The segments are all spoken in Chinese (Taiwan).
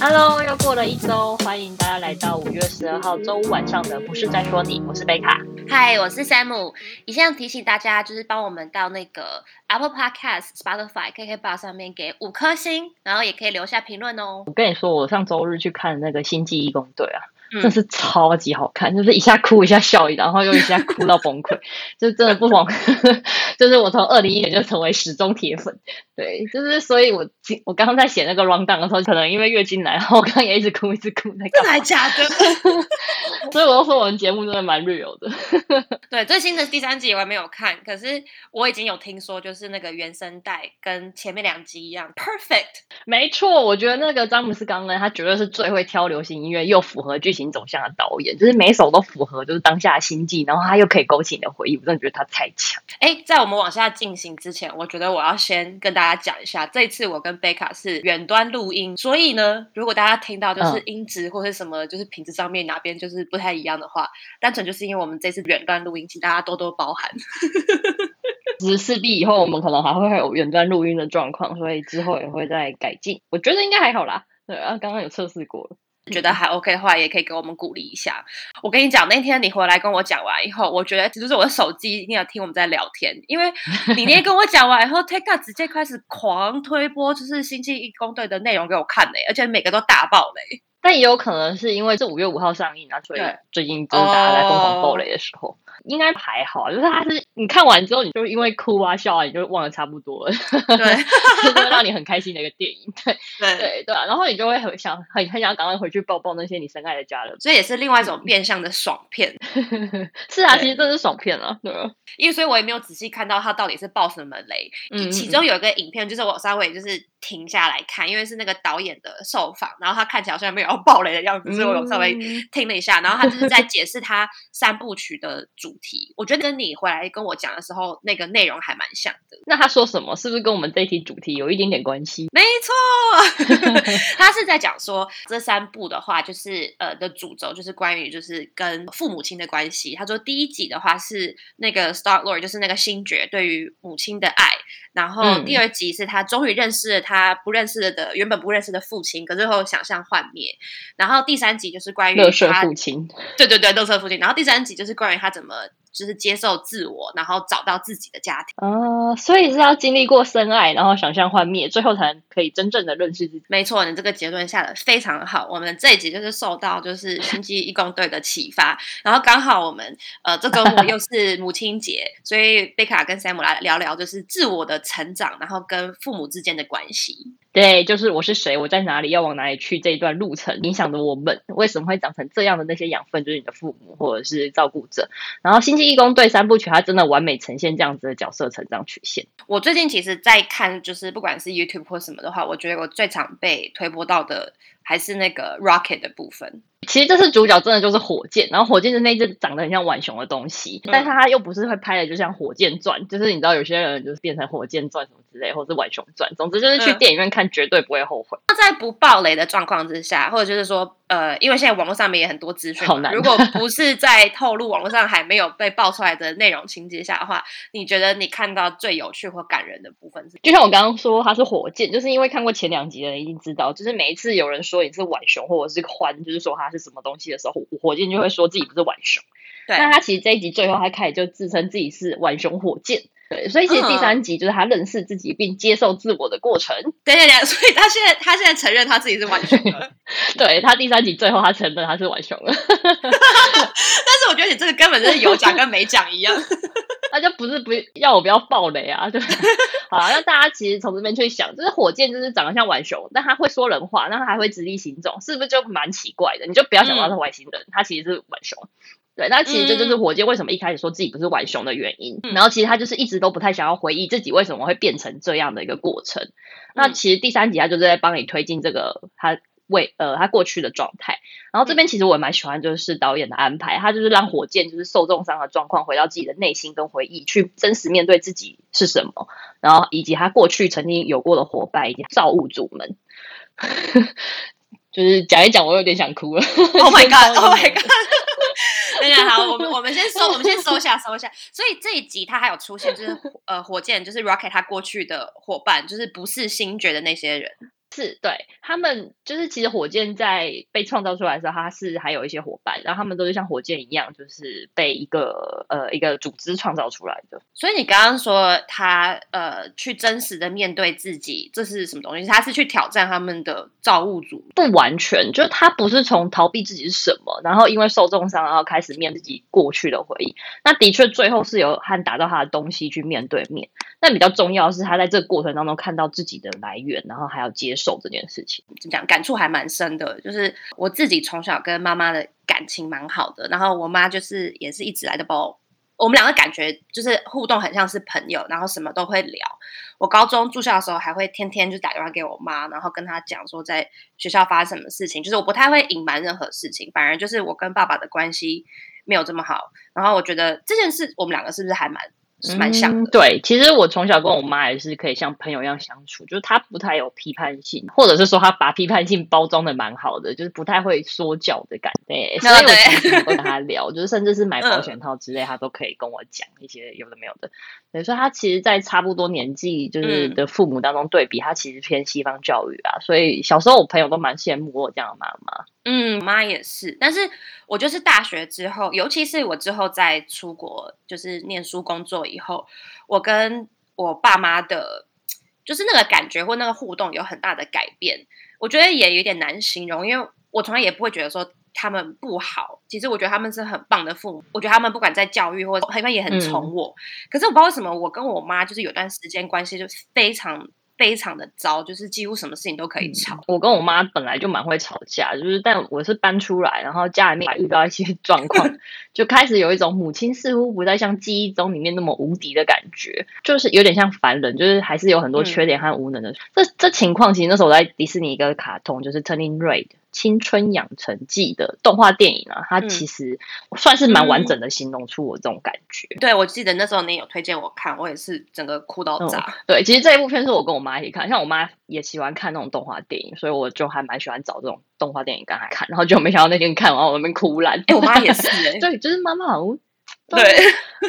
哈嘍，Hello，又過了一周，歡迎大家來到五月十二號周五晚上的《不是在說你》，我是貝卡。嗨，我是山姆。一樣提醒大家，就是幫我們到那個 Apple Podcast、Spotify、KKBox 上面給五顆星，然後也可以留下評論哦。我跟你說，我上周日去看那個《星際異攻隊》啊。真是超級好看，嗯、就是一下哭一下笑，然後又一下哭到崩潰， 就是真的不從， 就是我從二零一九年就成為死忠鐵粉，對，就是所以我我剛剛在寫那個 run down 的時候，可能因為月經來，然後我剛剛也一直哭一直哭那個，這還假的， 所以我都說我們節目真的蠻 real 的， 對，最新的第三集我還沒有看，可是我已經有聽說，就是那個原聲帶跟前面兩集一樣 perfect，沒錯，我覺得那個詹姆斯岡恩，他絕對是最會挑流行音樂又符合劇情走向的導演，就是每一首都符合就是當下心境，然後他又可以勾起你的回憶，我真的覺得他太強。哎、欸，在我們往下進行之前，我覺得我要先跟大家講一下，這次我跟貝卡是遠端錄音，所以呢，如果大家聽到就是音質或者什麼、嗯、就是品質上面哪邊就是不太一樣的話，單純就是因為我們這次遠端錄音，請大家多多包涵。只是勢必以後我們可能還會有遠端錄音的狀況，所以之後也會再改進。我覺得應該還好啦，對啊，剛剛有測試過了。覺得還 OK 的話，也可以給我們鼓勵一下。我跟你講，那天你回來跟我講完以後，我覺得就是我的手機一定要聽我們在聊天，因為你那天跟我講完以後 ，Takeka 直接開始狂推播，就是《星際異攻隊》的內容給我看的，而且每個都大爆雷。但也有可能是因為這五月五號上映、啊，然後所以最近就是大家在瘋狂爆雷的時候。應該還好，就是他是你看完之後，你就因為哭啊、笑啊，你就忘得差不多了。對， 就是會讓你很開心的一個電影。對對對、對、啊，然後你就會很想很、很想趕快回去抱抱那些你深愛的家人，所以也是另外一種變相的爽片。 是啊，對其實這是爽片了、啊，對。因為所以我也沒有仔細看到他到底是爆什麼雷？嗯嗯嗯，其中有一個影片，就是我稍微就是停下來看，因為是那個導演的受訪，然後他看起來好像沒有要爆雷的樣子，所以我稍微聽了一下。嗯嗯，然後他就是在解釋他三部曲的主主題，我覺得跟你回來跟我講的時候，那個內容還蠻像的。那他說什麼？是不是跟我們這一題主題有一點點關係？沒錯， 他是在講說，這三部的話，就是呃的主軸就是關於就是跟父母親的關係。他說第一集的話是那個 Star Lord，就是那個星爵對於母親的愛。然後第二集是他終於認識了他不認識的、嗯、原本不認識的父親，可最後想象幻滅。然後第三集就是關於他父親，對對對，垃圾父親。然後第三集就是關於他怎麼。就是接受自我，然後找到自己的家庭哦、uh, 所以是要經歷過深愛，然後想象幻滅，最後才能可以真正的認識自己。沒錯，你這個結論下的非常好。我們這一集就是受到就是星際異攻隊的啟發， 然後剛好我們呃，這周末又是母親節， 所以貝卡跟 Sam 來聊聊就是自我的成長，然後跟父母之間的關係。對，就是我是誰，我在哪裡，要往哪裡去，這一段路程影響着我們為什麼會長成這樣的那些養分，就是你的父母或者是照顧者。然後《星際異攻隊》三部曲，它真的完美呈現這樣子的角色成長曲線。我最近其實在看，就是不管是 YouTube 或什麼的話，我覺得我最常被推播到的還是那個 Rocket 的部分。其實這次主角，真的就是火箭，然後火箭是那一隻長得很像浣熊的東西，但是它又不是會拍的，就像《火箭傳》嗯,就是你知道有些人就是變成《火箭傳》什麼之類，或是《浣熊傳》，總之就是去電影院看絕對不會後悔。那、嗯、在不爆雷的狀況之下，或者就是說，呃，因為現在網絡上面也很多資訊，好難如果不是在透露網絡上還沒有被爆出來的內容情節下的話，你覺得你看到最有趣或感人的部分是？就像我剛剛說，它是火箭，就是因為看過前兩集的人已經知道，就是每一次有人說你是浣熊或者是獾，就是說他。是什麼東西的時候，火箭就會說自己不是浣熊。那他其實這一集最後他開始就自稱自己是浣熊火箭，對，所以其實第三集就是他認識自己並接受自我的過程。對對對，所以他現在他現在承認他自己是浣熊了。 對他第三集最後他承認他是浣熊了， 但是我覺得你這個根本就是有講跟沒講一樣，那 就不是不要我不要爆雷啊，對，好、啊，那大家其實從這邊去想，就是火箭就是長得像浣熊，但他會說人話，那他還會直立行走，是不是就蠻奇怪的？你就不要想到他是外星人，他、嗯、其實是浣熊。對，那其實這就是火箭為什麼一開始說自己不是浣熊的原因。嗯、然後其實他就是一直都不太想要回憶自己為什麼會變成這樣的一個過程。嗯、那其實第三集他就是在幫你推進這個他為呃他過去的狀態。然後這邊其實我也蠻喜歡，就是導演的安排，他就是讓火箭就是受重傷的狀況回到自己的內心跟回憶，去真實面對自己是什麼，然後以及他過去曾經有過的夥伴以及造物主們， 就是講一講，我有點想哭了。Oh my god! Oh my god! 等一下，好，我們我們先收，我們先收下收下。所以這一集他還有出現，就是呃火箭，就是 Rocket 他過去的夥伴，就是不是星爵的那些人。是對，他們就是其實火箭在被創造出來的時候，他是還有一些夥伴，然後他們都是像火箭一樣，就是被一個呃一個組織創造出來的。所以你剛剛說他呃去真實的面對自己，這是什麼東西？他是去挑戰他們的造物主？不完全，就是他不是從逃避自己是什麼，然後因為受重傷然後開始面自己過去的回憶。那的確最後是有和打造他的東西去面對面。但比較重要是，他在這個過程當中看到自己的來源，然後還要接受。手這件事情怎麼講？感觸還蠻深的，就是我自己從小跟媽媽的感情蠻好的，然後我媽就是也是一直來的包我，我們兩個感覺就是互動很像是朋友，然後什麼都會聊。我高中住校的時候，還會天天就打電話給我媽，然後跟她講說在學校發生什麼事情，就是我不太會隱瞞任何事情。反而就是我跟爸爸的關係沒有這麼好，然後我覺得這件事，我們兩個是不是還蠻？蠻像、嗯、對。其實我從小跟我媽也是可以像朋友一樣相處，嗯、就是她不太有批判性，或者是說她把批判性包裝得蠻好的，就是不太會說教的感覺。有嗯、所以我經常跟她聊， 就是甚至是買保險套之類，她都可以跟我講一些有的沒有的。等於說她其實，在差不多年紀就是的父母當中對比，嗯、她其實偏西方教育啊。所以小時候我朋友都蠻羨慕我這樣的媽媽。嗯，媽也是，但是我就是大學之後，尤其是我之後在出國就是念書工作以後，我跟我爸媽的，就是那個感覺或那個互動有很大的改變。我覺得也有點難形容，因為我從來也不會覺得說他們不好，其實我覺得他們是很棒的父母。我覺得他們不管在教育或者他們也很寵我，嗯、可是我不知道為什麼我跟我媽就是有段時間關係就是非常非常的糟，就是幾乎什麼事情都可以吵。嗯、我跟我媽本來就蠻會吵架，就是但我是搬出來，然後家裡面還遇到一些狀況， 就開始有一種母親似乎不再像記憶中裡面那麼無敵的感覺，就是有點像凡人，就是還是有很多缺點和無能的。嗯、這這情況，其實那時候我在迪士尼一個卡通，就是 Turning Red。青春養成記的動畫電影啊，嗯、它其實算是蠻完整的形容出我這種感覺，嗯。對，我記得那時候你有推薦我看，我也是整個哭到炸，嗯。對，其實這一部片是我跟我媽一起看，像我媽也喜歡看那種動畫電影，所以我就還蠻喜歡找這種動畫電影跟她看，然後就沒想到那天看完我那邊哭了。哎，欸，我媽也是，欸， 對，就是媽媽好。對，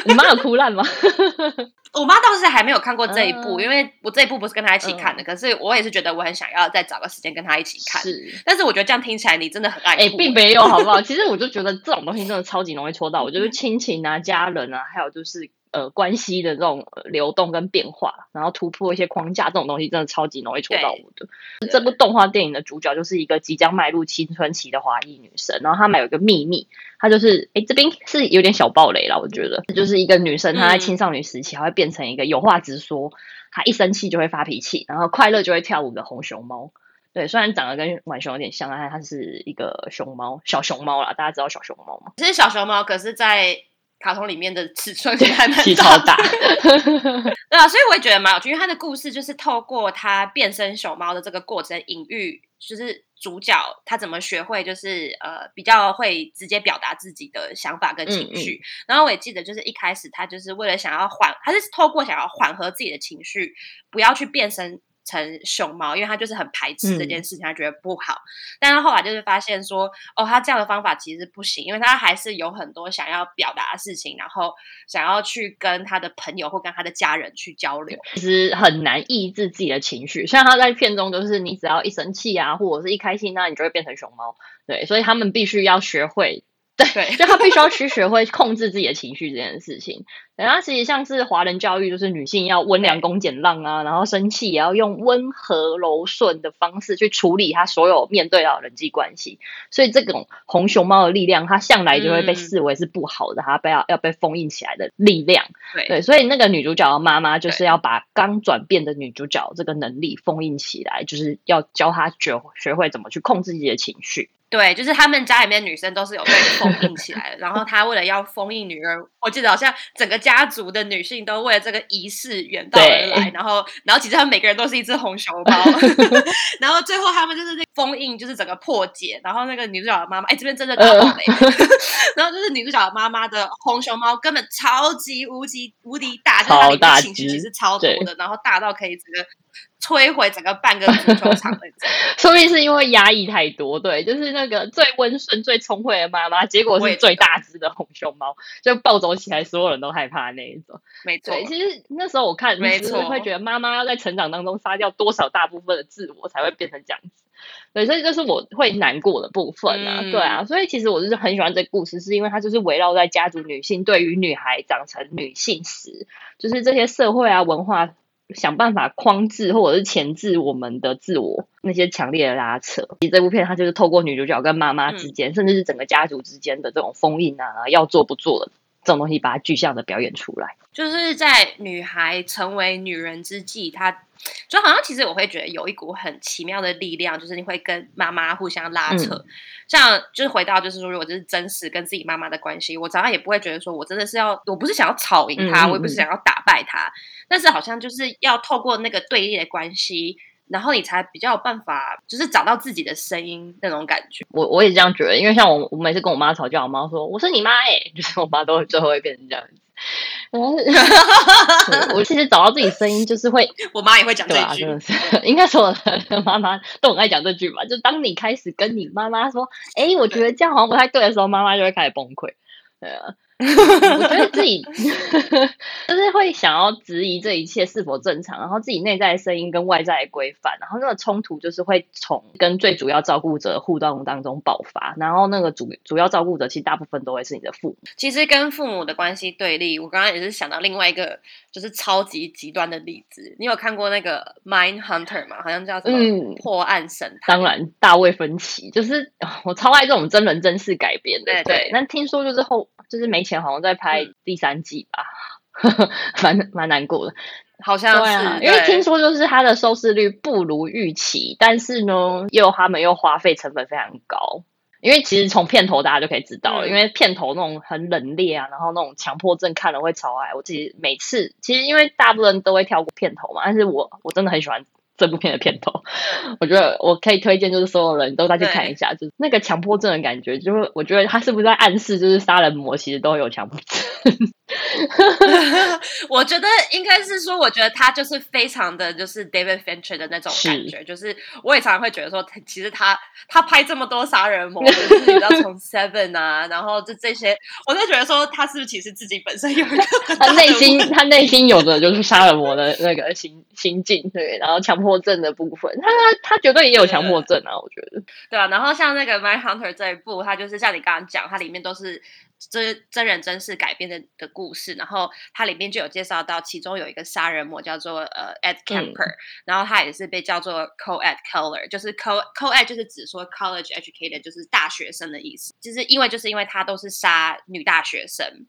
你 媽有哭爛嗎？ 我媽倒是還沒有看過這一部，嗯、因為我這一部不是跟她一起看的。嗯、可是我也是覺得我很想要再找個時間跟她一起看。是，但是我覺得這樣聽起來你真的很愛哭的。哎，並沒有，好不好？其實我就覺得這種東西真的超級容易戳到。 我就是親情啊、家人啊，還有就是。呃，關係的這種流動跟變化，然後突破一些框架，這種東西真的超級容易戳到我的。這部動畫電影的主角就是一個即將邁入青春期的華裔女生，然後她們有一個秘密，她就是誒，這邊是有點小暴雷啦。我覺得，就是一個女生她在青少女時期，嗯、還會變成一個有話直說，她一生氣就會發脾氣，然後快樂就會跳舞的紅熊貓。對，雖然長得跟浣熊有點像，但是它是一個熊貓，小熊貓啦，大家知道小熊貓嗎？其實小熊貓，可是在，在卡通裡面的尺寸看起來超大， 對啊，所以我也覺得蠻有趣，因為他的故事就是透過他變身熊貓的這個過程，隱喻就是主角他怎麼學會，就是呃比較會直接表達自己的想法跟情緒。嗯嗯、然後我也記得，就是一開始他就是為了想要緩，他是透過想要緩和自己的情緒，不要去變身。成熊貓，因為他就是很排斥這件事情，嗯，他覺得不好。但他後來就是發現說，哦，他這樣的方法其實不行，因為他還是有很多想要表達的事情，然後想要去跟他的朋友或跟他的家人去交流，其實很難抑制自己的情緒。像他在片中，就是你只要一生氣啊，或者是一開心啊，那你就會變成熊貓。對，所以他們必須要學會。對， 就他她，必須要去學會控制自己的情緒這件事情。然後其實像是華人教育，就是女性要溫良恭儉讓啊，對然後生氣也要用溫和柔順的方式去處理她所有面對的人際關係。所以這種紅熊貓的力量，它向來就會被視為是不好的，她不要要被封印起來的力量。對，對，所以那個女主角的媽媽就是要把剛轉變的女主角這個能力封印起來，就是要教她學學會怎麼去控制自己的情緒。對，就是他們家裡面女生都是有被封印起來，的。然後他為了要封印女兒，我記得好像整個家族的女性都為了這個儀式遠道而來，對然後，然後其實他們每個人都是一只紅熊貓， 然後最後他們就是封印，就是整個破解，然後那個女主角的媽媽，哎，這邊真的特別美。呃、 然後就是女主角的媽媽的紅熊貓根本超級無敵無敵大，超大級大，情緒也是超多的，對然後大到可以整個。摧毀整個半個足球場，說不定是因為壓抑太多，對，就是那個最溫順、最聰慧的媽媽，結果是最大隻的紅熊貓，就暴走起來，所有人都害怕那一種，沒錯。其實那時候我看，沒錯，會覺得媽媽要在成長當中殺掉多少大部分的自我，才會變成這樣子，對，所以這是我會難過的部分啊，嗯、對啊，所以其實我就是很喜歡這個故事，是因為它就是圍繞在家族女性對於女孩長成女性時，就是這些社會啊文化。想辦法框制或者是鉗制我們的自我，那些強烈的拉扯，你這部片它就是透過女主角跟媽媽之間，嗯、甚至是整個家族之間的這種封印啊，要做不做的這種東西，把它具象的表演出來，就是在女孩成為女人之際，她就好像其實我會覺得有一股很奇妙的力量，就是你會跟媽媽互相拉扯。嗯、像就是回到就是說，如果就是真實跟自己媽媽的關係，我早上也不會覺得說我真的是要，我不是想要吵贏她，嗯、我也不是想要打敗她，嗯、但是好像就是要透過那個對立的關係，然後你才比較有辦法，就是找到自己的聲音那種感覺。我我也這樣覺得，因為像我我每次跟我媽吵架，我媽說我是你媽哎，就是我媽都會最後會變成這樣子。 我其實找到自己聲音就是會， 我媽也會講這句，啊、真的是應該是我的媽媽都很愛講這句吧。就當你開始跟你媽媽說，哎、欸，我覺得這樣好像不太對的時候，媽媽就會開始崩潰。對啊。我覺得自己 就是會想要質疑這一切是否正常，然後自己內在的聲音跟外在的規範，然後那個衝突就是會從跟最主要照顧者的互動當中爆發，然後那個主主要照顧者其實大部分都會是你的父母。其實跟父母的關係對立，我剛剛也是想到另外一個就是超級極端的例子，你有看過那個《Mindhunter》嘛？好像叫什麼破案神探，嗯。當然大衛芬奇，就是我超愛這種真人真事改編的。對，對，那聽說就是後就是沒。好像在拍第三季吧，呵呵，蠻難過的。好像是，因為聽說就是他的收視率不如預期，但是呢，又他們又花費成本非常高。因為其實從片頭大家就可以知道了，嗯、因為片頭那種很冷冽啊，然後那種強迫症看了會超愛。我自己每次其實因為大部分人都會跳過片頭嘛，但是我我真的很喜歡。這部片的片頭，我覺得我可以推薦，就是所有人都再去看一下，對就是那個強迫症的感覺，就是我覺得他是不是在暗示，就是殺人魔其實都有強迫症。 我覺得應該是說，我覺得他就是非常的就是 David Fincher 的那種感覺，是就是我也常常會覺得說他，其實他他拍這麼多殺人魔，就是， 你知道從 Seven 啊，然後這這些，我就覺得說，他是不是其實自己本身有的他內心，他內心有的就是殺人魔的那個心 心境對，然後強迫症的部分，他他絕對也有強迫症啊，對我覺得。對啊，然後像那個 Mindhunter 這一部，他就是像你剛剛講，它裡面都是，這真人真事改編的的故事，然後它裡面就有介紹到，其中有一個殺人魔叫做呃 Ed Kemper，然後他也是被叫做 Co Ed Killer，就是 Co Co Ed 就是指說 College Educated，就是大學生的意思，就是因為就是因為他都是殺女大學生，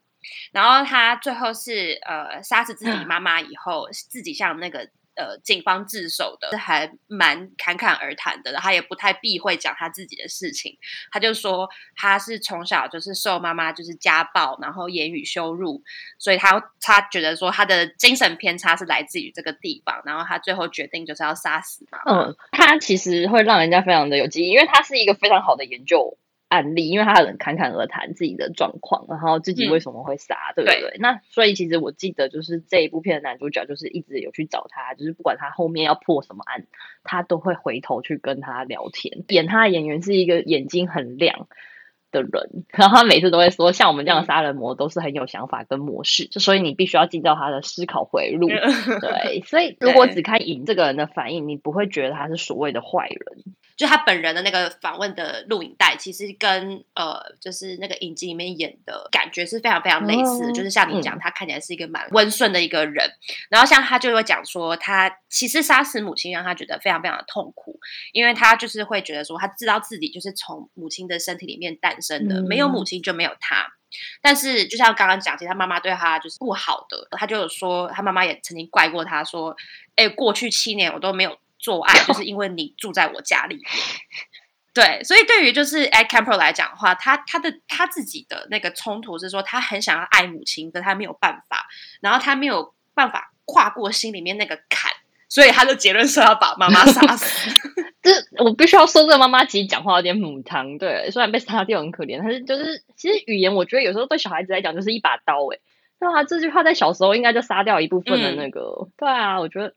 然後他最後是呃殺死自己媽媽以後，自己像那個。嗯呃，警方自首的還蠻侃侃而談的，然後他也不太避諱講他自己的事情。他就說他是從小就是受媽媽就是家暴，然後言語羞辱，所以他他覺得說他的精神偏差是來自於這個地方，然後他最後決定就是要殺死媽媽。嗯，他其實會讓人家非常的有記憶，因為他是一個非常好的研究案例，因為他可能侃侃而談自己的狀況，然後自己為什麼會殺，嗯、對不對？那所以其實我記得，就是這一部片的男主角就是一直有去找他，就是不管他後面要破什麼案，他都會回頭去跟他聊天。對演他的演員是一個眼睛很亮的人，然後他每次都會說，像我們這樣的殺人魔、嗯、都是很有想法跟模式，就所以你必須要進到他的思考回路。嗯、對，所以如果只看影這個人的反應，對你不會覺得他是所謂的壞人。就他本人的那個訪問的錄影帶，其實跟呃，就是那個影集裡面演的感覺是非常非常類似。嗯、就是像你講，嗯、他看起來是一個蠻溫順的一個人，然後像他就會講說他，他其實殺死母親讓他覺得非常非常的痛苦，因為他就是會覺得說，他知道自己就是從母親的身體裡面誕。真的、嗯、沒有母親就沒有他，但是就像剛剛講，其實他媽媽對他就是不好的，他就有說他媽媽也曾經怪過他，說：“哎、欸，過去七年我都沒有做愛，就是因為你住在我家裡。哦”對，所以對於就是 Ed Kemper 來講的話，他他的他自己的那個衝突是說，他很想要愛母親，但他沒有辦法，然後他沒有辦法跨過心裡面那個坎，所以他的結論是要把媽媽殺死。 這是我必須要說，這個媽媽其實講話有點母湯，對。雖然被殺掉很可憐，但是就是其實語言，我覺得有時候對小孩子來講就是一把刀、欸，哎。對啊，這句話在小時候應該就殺掉一部分的那個，嗯、對啊，我覺得。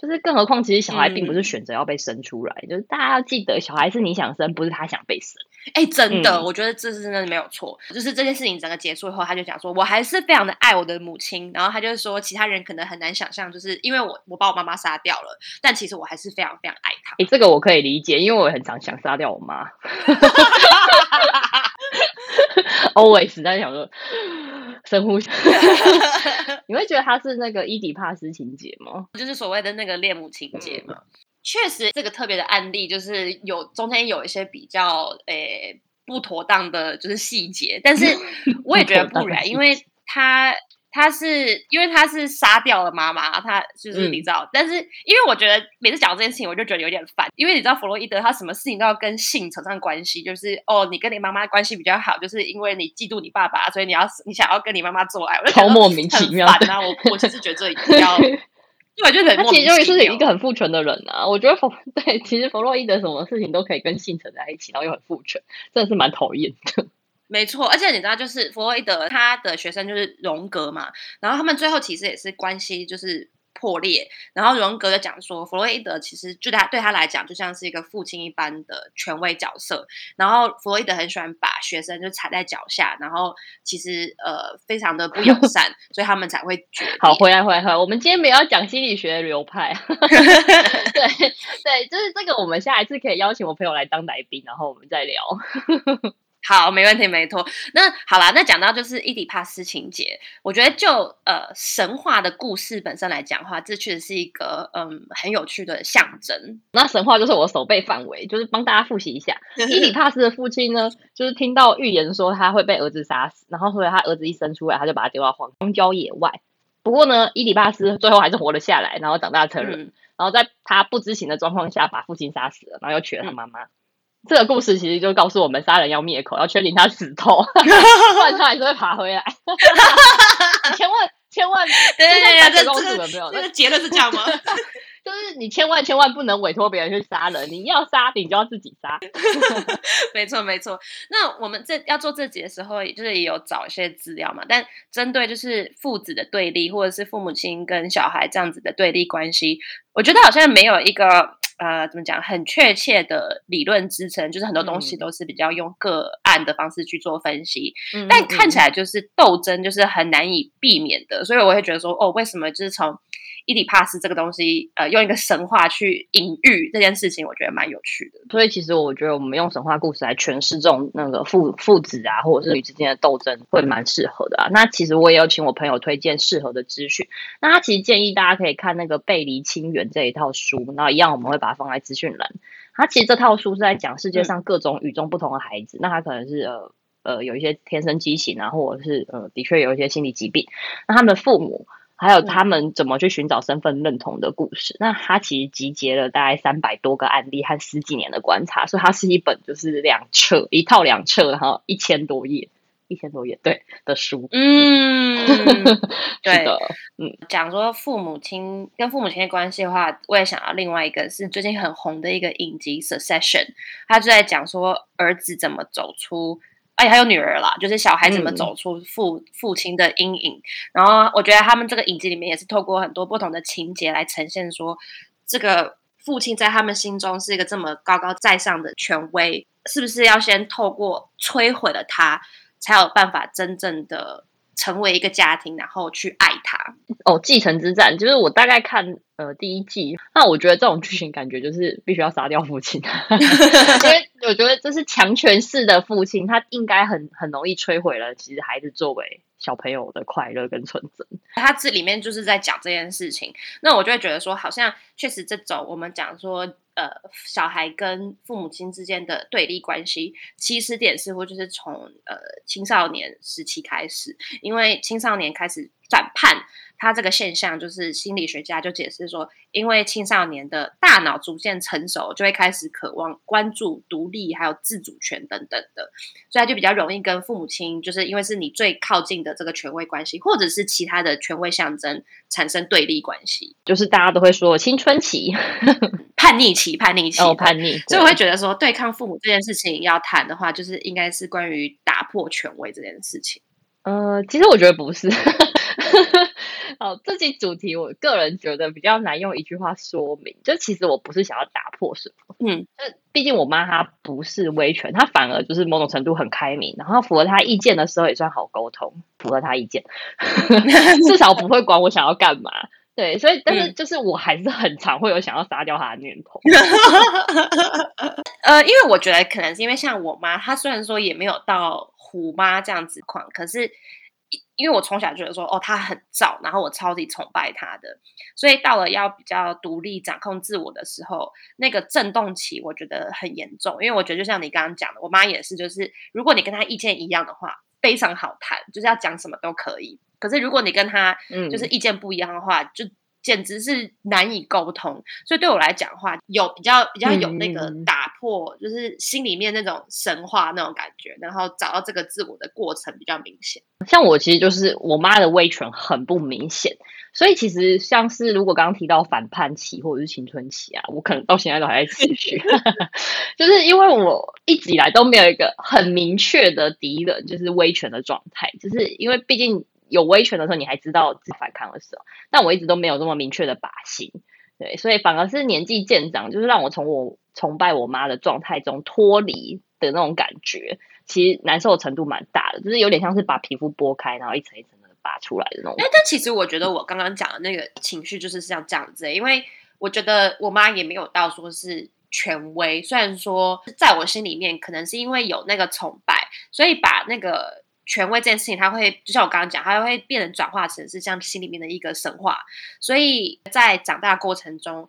就是，更何況，其實小孩並不是選擇要被生出來。嗯、就是大家要記得，小孩是你想生，不是他想被生。哎、欸，真的，嗯、我覺得這是真的沒有錯。就是這件事情整個結束以後，他就講說，我還是非常的愛我的母親。然後他就說，其他人可能很難想象，就是因為我我把我媽媽殺掉了，但其實我還是非常非常愛她。哎、欸，這個我可以理解，因為我也很常想殺掉我媽。 Always 在想說，深呼吸 你會覺得他是那個伊底帕斯情節嗎？就是所謂的那個戀母情節嗎？嗯、確實，這個特別的案例就是有中間有一些比較呃、欸、不妥當的，就是細節，但是我也覺得不然，不因為他。他是因為他是殺掉了媽媽，他就是你知道，嗯、但是因為我覺得每次講這件事情，我就覺得有點煩。因為你知道弗洛伊德，他什麼事情都要跟性扯上關係，就是哦，你跟你媽媽關係比較好，就是因為你嫉妒你爸爸，所以你要你想要跟你媽媽做愛，我就啊、超莫名其妙的。我我就是覺得比較，根本就很莫名其妙。他其實就是一個很父權的人啊，我覺得弗對，其實弗洛伊德什麼事情都可以跟性扯在一起，然後又很父權，真的是蠻討厭的。沒錯，而且你知道，就是弗洛伊德他的學生就是榮格嘛，然後他們最後其實也是關係就是破裂，然後榮格就講說，弗洛伊德其實就對他對他來講就像是一個父親一般的權威角色，然後弗洛伊德很喜歡把學生就踩在腳下，然後其實呃非常的不友善，呦所以他們才會決好回來回來回來。我們今天沒有講心理學的流派， 對對，就是這個，我們下一次可以邀請我朋友來當來賓，然後我們再聊。 好，沒問題，沒錯。那好啦，那講到就是伊底帕斯情節，我覺得就呃神話的故事本身來講的話，這確實是一個嗯很有趣的象徵。那神話就是我守備範圍，就是幫大家複習一下。 伊底帕斯的父親呢，就是聽到預言說他會被兒子殺死，然後後來他兒子一生出來，他就把他丟到荒郊野外。不過呢，伊底帕斯最後還是活了下來，然後長大成人，嗯、然後在他不知情的狀況下把父親殺死了，然後又娶了他媽媽。嗯這個故事其實就告訴我們：殺人要滅口，要確定他死透，不然他還是會爬回來。千萬千萬，對呀，這這這個結論是這樣嗎？ 就是你千萬千萬不能委託別人去殺人，你要殺你就要自己殺。 沒錯，沒錯。那我們這要做自己的時候，也就是也有找一些資料嘛。但針對就是父子的對立，或者是父母親跟小孩這樣子的對立關係，我覺得好像沒有一個呃，怎麼講，很確切的理論支撐。就是很多東西都是比較用個案的方式去做分析，嗯嗯嗯。但看起來就是鬥爭，就是很難以避免的。所以我會覺得說，哦，為什麼就是從伊底帕斯這個東西，呃，用一個神話去隱喻這件事情，我覺得蠻有趣的。所以其實我覺得我們用神話故事來詮釋這種那個父父子啊，或者是女之間的鬥爭，會蠻適合的啊。嗯、那其實我也有請我朋友推薦適合的資訊，那他其實建議大家可以看那個《背離親緣》這一套書。那一樣我們會把它放在資訊欄。他其實這套書是在講世界上各種與眾不同的孩子，嗯、那他可能是呃呃有一些天生畸形啊，或者是呃的確有一些心理疾病，那他們的父母。還有他們怎麼去尋找身份認同的故事？那他其實集結了大概三百多個案例和十幾年的觀察，所以它是一本就是兩冊、一套兩冊，然後，一千多頁，一千多頁對的書。嗯，對 的，嗯，講說父母親跟父母親的關係的話，我也想要另外一個是最近很紅的一個影集《Succession》，他就在講說兒子怎麼走出。哎，還有女兒啦，就是小孩怎麼走出父、嗯、父親的陰影，然後我覺得他們這個影集裡面也是透過很多不同的情節來呈現說，說這個父親在他們心中是一個這麼高高在上的權威，是不是要先透過摧毀了他，才有辦法真正的？成為一個家庭，然後去愛他。哦，繼承之戰就是我大概看呃第一季，那我覺得這種劇情感覺就是必須要殺掉父親， 因為我覺得這是強權式的父親，他應該很很容易摧毀了其實孩子作為。小朋友的快樂跟純真，他這裡面就是在講這件事情。那我就會覺得說，好像確實這種我們講說，呃，小孩跟父母親之間的對立關係，其實點似乎就是從呃青少年時期開始，因為青少年開始。反叛，他這個現象就是心理學家就解釋說，因為青少年的大腦逐漸成熟，就會開始渴望關注、獨立，還有自主權等等的，所以他就比較容易跟父母親，就是因為是你最靠近的這個權威關係，或者是其他的權威象徵產生對立關係。就是大家都會說青春期 叛逆期、叛逆期、oh, 叛逆，所以我會覺得說，對抗父母這件事情要談的話，就是應該是關於打破權威這件事情。呃，其實我覺得不是。 好，這集主題，我個人覺得比較難用一句話說明。就其實我不是想要打破什麼，嗯，畢竟我媽她不是威權，她反而就是某種程度很開明，然後符合她意見的時候也算好溝通，符合她意見， 至少不會管我想要幹嘛。 對，所以但是就是我還是很常會有想要殺掉她的念頭。嗯、 呃，因為我覺得可能是因為像我媽，她雖然說也沒有到虎媽這樣子狂，可是。因為我從小就覺得說，哦，他很罩，然後我超級崇拜他的，所以到了要比較獨立掌控自我的時候，那個震動期我覺得很嚴重。因為我覺得就像你剛剛講的，我媽也是，就是如果你跟他意見一樣的話，非常好談，就是要講什麼都可以；可是如果你跟他就是意見不一樣的話，嗯、就。簡直是難以溝通，所以對我來講的話，有比較比較有那個打破，嗯，就是心裡面那種神話那種感覺，然後找到這個自我的過程比較明顯。像我其實就是我媽的威權很不明顯，所以其實像是如果剛剛提到反叛期或者是青春期啊，我可能到現在都還在持續， 就是因為我一直以來都沒有一個很明確的敵人，就是威權的狀態，就是因為畢竟。有威權的時候，你還知道自己反抗的時候，但我一直都沒有這麼明確的靶心，對，所以反而是年紀漸長，就是讓我從我崇拜我媽的狀態中脫離的那種感覺，其實難受的程度蠻大的，就是有點像是把皮膚剝開，然後一層一層的拔出來的那種感覺，欸。但其實我覺得我剛剛講的那個情緒，就是像這樣子、欸，因為我覺得我媽也沒有到說是權威，雖然說在我心裡面，可能是因為有那個崇拜，所以把那個。權威這件事情，它會就像我剛剛講，它會變成轉化成是像心裡面的一個神話。所以，在長大的過程中，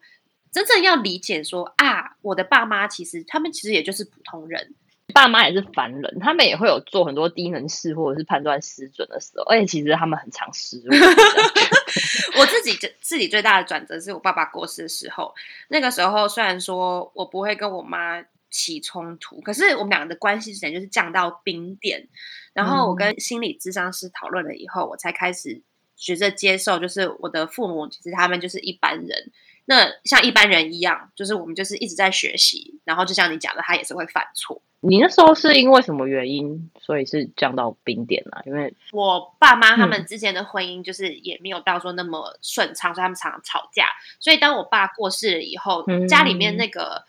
真正要理解說啊，我的爸媽其實他們其實也就是普通人，爸媽也是凡人，他們也會有做很多低能事或者是判斷失準的時候，而且其實他們很常失誤。我， 我自己自己最大的轉折是我爸爸過世的時候，那個時候雖然說我不會跟我媽起衝突，可是我們兩個的關係之前就是降到冰點，然後我跟心理諮商師討論了以後，嗯、我才開始學着接受，就是我的父母其實他們就是一般人，那像一般人一樣，就是我們就是一直在學習，然後就像你講的，他也是會犯錯。你那時候是因為什麼原因，嗯、所以是降到冰點呢？啊。因為我爸媽他們之間的婚姻就是也沒有到說那麼順暢，嗯、所以他們常常吵架。所以當我爸過世了以後，嗯、家裡面那個。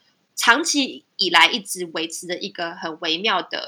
長期以來一直維持的一個很微妙的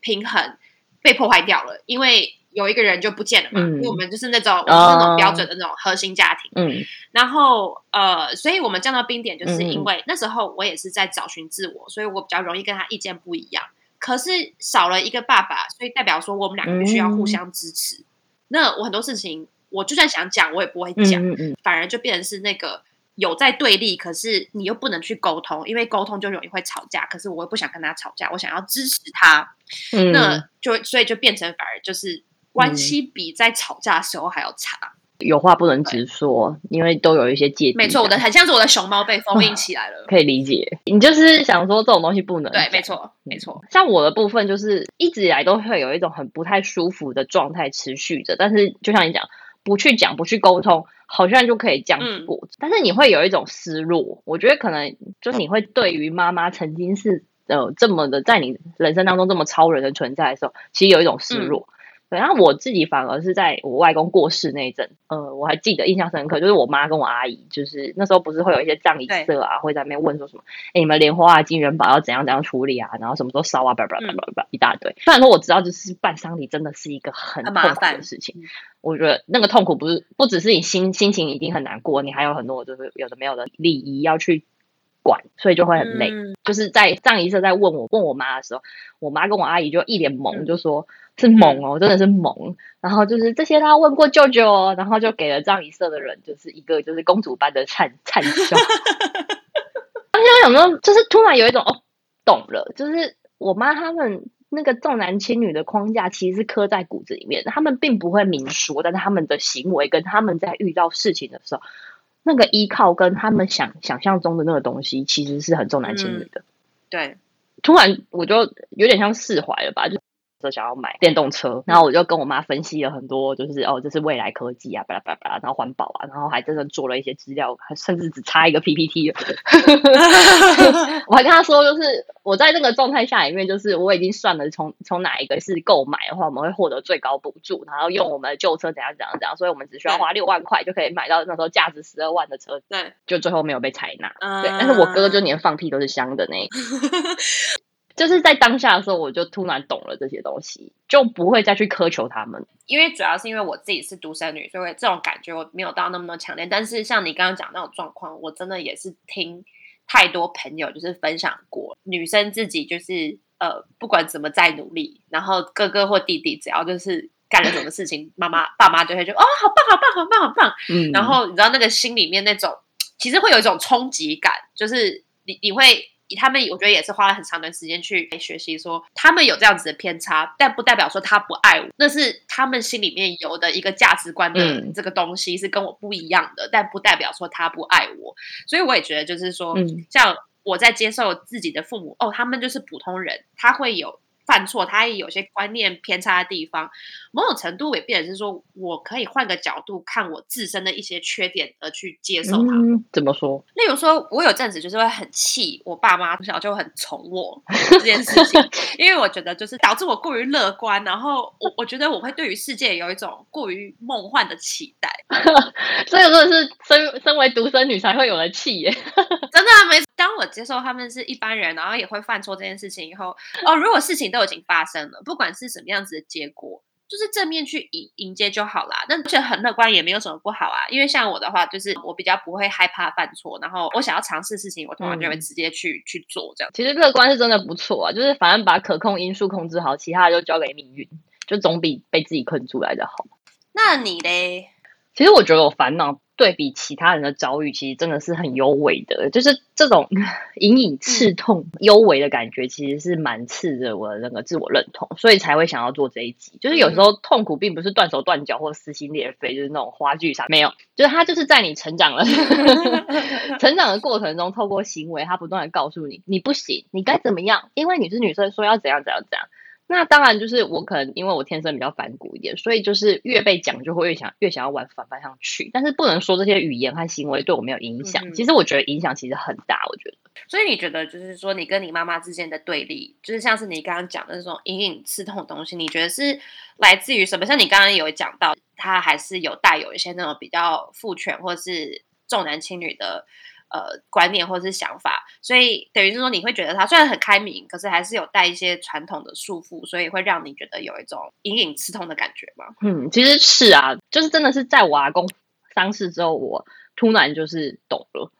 平衡被破壞掉了，因為有一個人就不見了嘛。嗯、因為我們就是那種我是那種標準的那種核心家庭。嗯，然後呃，所以我們降到冰點，就是因為、嗯、那時候我也是在找尋自我，所以我比較容易跟他意見不一樣。可是少了一個爸爸，所以代表說我們兩個必須要互相支持。嗯、那我很多事情，我就算想講，我也不會講，嗯嗯嗯、反而就變成是那個。有在對立，可是你又不能去溝通，因為溝通就容易會吵架。可是我又不想跟他吵架，我想要支持他，嗯、那就所以就變成反而就是關係比在吵架的時候還要差、嗯。有話不能直說，對因為都有一些界限。沒錯，我的，很像是我的熊貓被封印起來了，可以理解。你就是想說這種東西不能對，沒錯，沒錯。像我的部分就是一直以來都會有一種很不太舒服的狀態持續着，但是就像你講。不去講，不去溝通，好像就可以這樣過。嗯、但是你會有一種失落，我覺得可能就是你會對於媽媽曾經是呃這麼的，在你人生當中這麼超人的存在的時候，其實有一種失落。嗯然後我自己反而是在我外公過世那一陣，呃，我還記得印象深刻，就是我媽跟我阿姨，就是那時候不是會有一些葬儀社啊，對會在那邊問說什麼，哎，你們蓮花啊、金元寶要怎樣怎樣處理啊，然後什麼時候燒啊，巴拉巴巴巴一大堆。嗯、雖然說我知道，就是辦喪禮真的是一個很痛苦的事情，嗯、我覺得那個痛苦不是不只是你心心情一定很難過，你還有很多就是有的沒有的禮儀要去管，所以就會很累。嗯、就是在葬儀社在問我問我媽的時候，我媽跟我阿姨就一臉懵，就說。嗯是猛哦，嗯、真的是猛。然後就是這些他問過舅舅、哦，然後就給了這樣一色的人，就是一個就是公主般的燦燦笑， 現在我。當時有沒有就是突然有一種哦，懂了，就是我媽他們那個重男輕女的框架其實是刻在骨子裡面，他們並不會明說，但是他們的行為跟他們在遇到事情的時候，那個依靠跟他們想想象中的那個東西，其實是很重男輕女的。嗯、對，突然我就有點像釋懷了吧？就。時想要買電動車，然後我就跟我媽分析了很多，就是哦，這是未來科技啊，巴拉巴拉巴拉，然後環保啊，然後還真的做了一些資料，還甚至只差一個 PPT。我還跟他說，就是我在這個狀態下裡面，就是我已經算了從從哪一個是購買的話，我們會獲得最高補助，然後用我們的舊車怎樣怎樣怎樣，所以我們只需要花六萬塊就可以買到那時候價值十二萬的車子， 就最後沒有被採納。對，但是我哥就連放屁都是香的呢。 就是在當下的時候，我就突然懂了這些東西，就不會再去苛求他們。因為主要是因為我自己是獨生女，所以這種感覺我沒有到那麼強烈。但是像你剛剛講那種狀況，我真的也是聽太多朋友就是分享過，女生自己就是呃，不管怎麼再努力，然後哥哥或弟弟只要就是幹了什麼事情，媽媽 爸媽就會說：“哦，好棒，好棒，好棒，好棒。”嗯，然後你知道那個心裡面那種其實會有一種衝擊感，就是你你會。他們我覺得也是花了很長的時間去學習說，說他們有這樣子的偏差，但不代表說他不愛我，那是他們心裡面有的一個價值觀的這個東西是跟我不一樣的，但不代表說他不愛我，所以我也覺得就是說，像我在接受自己的父母，哦，他們就是普通人，他會有。犯錯，他也有些觀念偏差的地方，某種程度也變成是說，我可以換個角度看我自身的一些缺點而去接受它。嗯，怎麼說？例如說，我有陣子就是會很氣我爸媽從小就很寵我這件事情， 因為我覺得就是導致我過於樂觀，然後我我覺得我會對於世界有一種過於夢幻的期待， 對所以說是身身為獨生女才會有人氣耶！ 真的啊，沒。當我接受他們是一般人，然後也會犯錯這件事情以後，哦，如果事情都已經發生了，不管是什麼樣子的結果，就是正面去迎迎接就好啦。那而且很樂觀，也沒有什麼不好啊。因為像我的話，就是我比較不會害怕犯錯，然後我想要嘗試事情，我通常就會直接去、嗯、去做這樣。其實樂觀是真的不錯啊，就是反正把可控因素控制好，其他的就交給命運，就總比被自己困住來的好。那你嘞？其實我覺得我煩惱。對比其他人的遭遇，其實真的是很幽微的，就是這種隱隱刺痛、嗯、幽微的感覺，其實是蠻刺着我的那個自我認同，所以才會想要做這一集。就是有時候痛苦並不是斷手斷腳或撕心裂肺，就是那種花劇啥沒有，就是他就是在你成長了， 成長的過程中，透過行為，他不斷地告訴你，你不行，你該怎麼樣？因為你是女生，說要怎樣怎樣怎樣。怎樣那當然，就是我可能因為我天生比較反骨一點，所以就是越被講就會越想越想要往反方向去。但是不能說這些語言和行為對我沒有影響，嗯哼。其實我覺得影響其實很大。我覺得，所以你覺得就是說你跟你媽媽之間的對立，就是像是你剛剛講的那種隱隱刺痛的東西，你覺得是來自於什麼？像你剛剛有講到，她還是有帶有一些那種比較父權或是重男輕女的。呃，觀念或者是想法，所以等於是說，你會覺得他雖然很開明，可是還是有帶一些傳統的束縛，所以會讓你覺得有一種隱隱刺痛的感覺嘛。嗯，其實是啊，就是真的是在我阿公喪事之後，我突然就是懂了。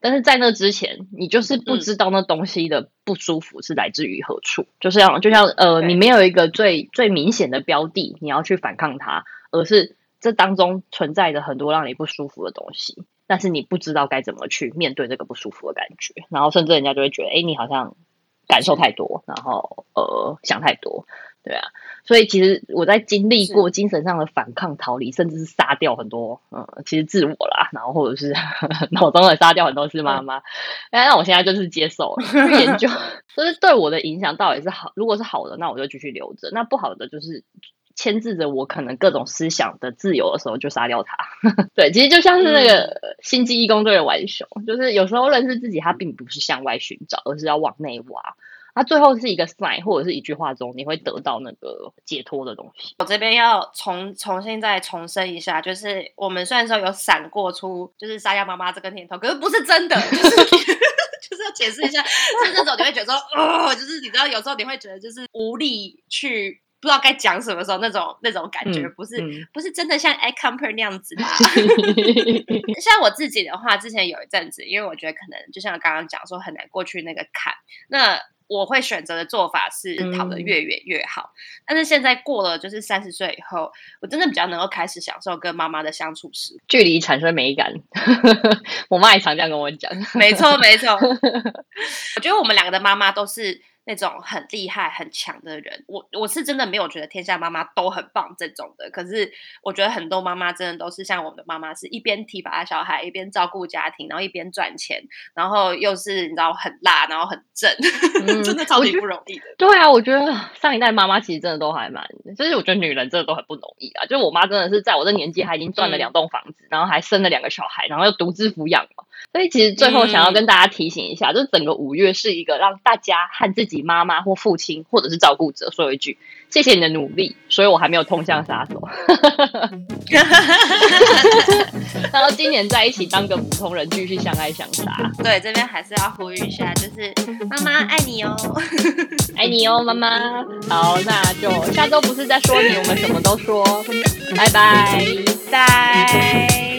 但是在那之前，你就是不知道那東西的不舒服是來自於何處，嗯、就是要就像呃，對你沒有一個最最明顯的標的，你要去反抗它，而是這當中存在着很多讓你不舒服的東西。但是你不知道該怎麼去面對這個不舒服的感覺，然後甚至人家就會覺得，哎，你好像感受太多，然後呃，想太多，對啊。所以其實我在經歷過精神上的反抗、逃離，甚至是殺掉很多，嗯，其實自我啦，然後或者是呵呵腦中的殺掉很多是媽媽。嗯、哎，那我現在就是接受去研究，就是 對我的影響到底是好，如果是好的，那我就繼續留着；那不好的，就是。牽制着我可能各種思想的自由的時候，就殺掉他。 對，其實就像是那個《星際異攻隊》的浣熊，嗯、就是有時候認識自己，他並不是向外尋找，而是要往內挖。他、啊、最後是一個 slide 或者是一句話中，你會得到那個解脫的東西。我這邊要重重新再重申一下，就是我們雖然說有閃過出就是殺掉媽媽這個念頭，可是不是真的，就是, 就是要解釋一下，是這種你會覺得說、呃，就是你知道有時候你會覺得就是無力去。不知道該講什麼時候那種那種感覺，不是，嗯嗯、不是真的像愛 camper 那樣子吧？ 像我自己的話，之前有一陣子，因為我覺得可能就像剛剛講說很難過去那個坎，那我會選擇的做法是跑得越遠越好。嗯、但是現在過了，就是三十歲以後，我真的比較能夠開始享受跟媽媽的相處時，距離產生美感。 我媽也常這樣跟我講，沒 錯沒錯。沒錯 我覺得我們兩個的媽媽都是那種很厲害很強的人，我我是真的沒有覺得天下媽媽都很棒這種的。可是我覺得很多媽媽真的都是像我們的媽媽，是一邊提拔小孩，一邊照顧家庭，然後一邊賺錢，然後又是你知道很辣，然後很正，嗯、 真的超級不容易的。對啊，我覺得上一代媽媽其實真的都還蠻，就是我覺得女人真的都很不容易啊。就是我媽真的是在我這年紀，還已經賺了兩棟房子，嗯、然後還生了兩個小孩，然後又獨自撫養了。所以其實最後想要跟大家提醒一下，嗯、就是整個五月是一個讓大家和自己媽媽或父親或者是照顧者說一句，謝謝你的努力，所以我還沒有痛下殺手。然後今年在一起當個普通人，繼續相愛相殺。對，這邊還是要呼籲一下，就是媽媽愛你哦， 愛你哦，媽媽。好，那就下周不是在說你，我們什麼都說。拜拜，拜。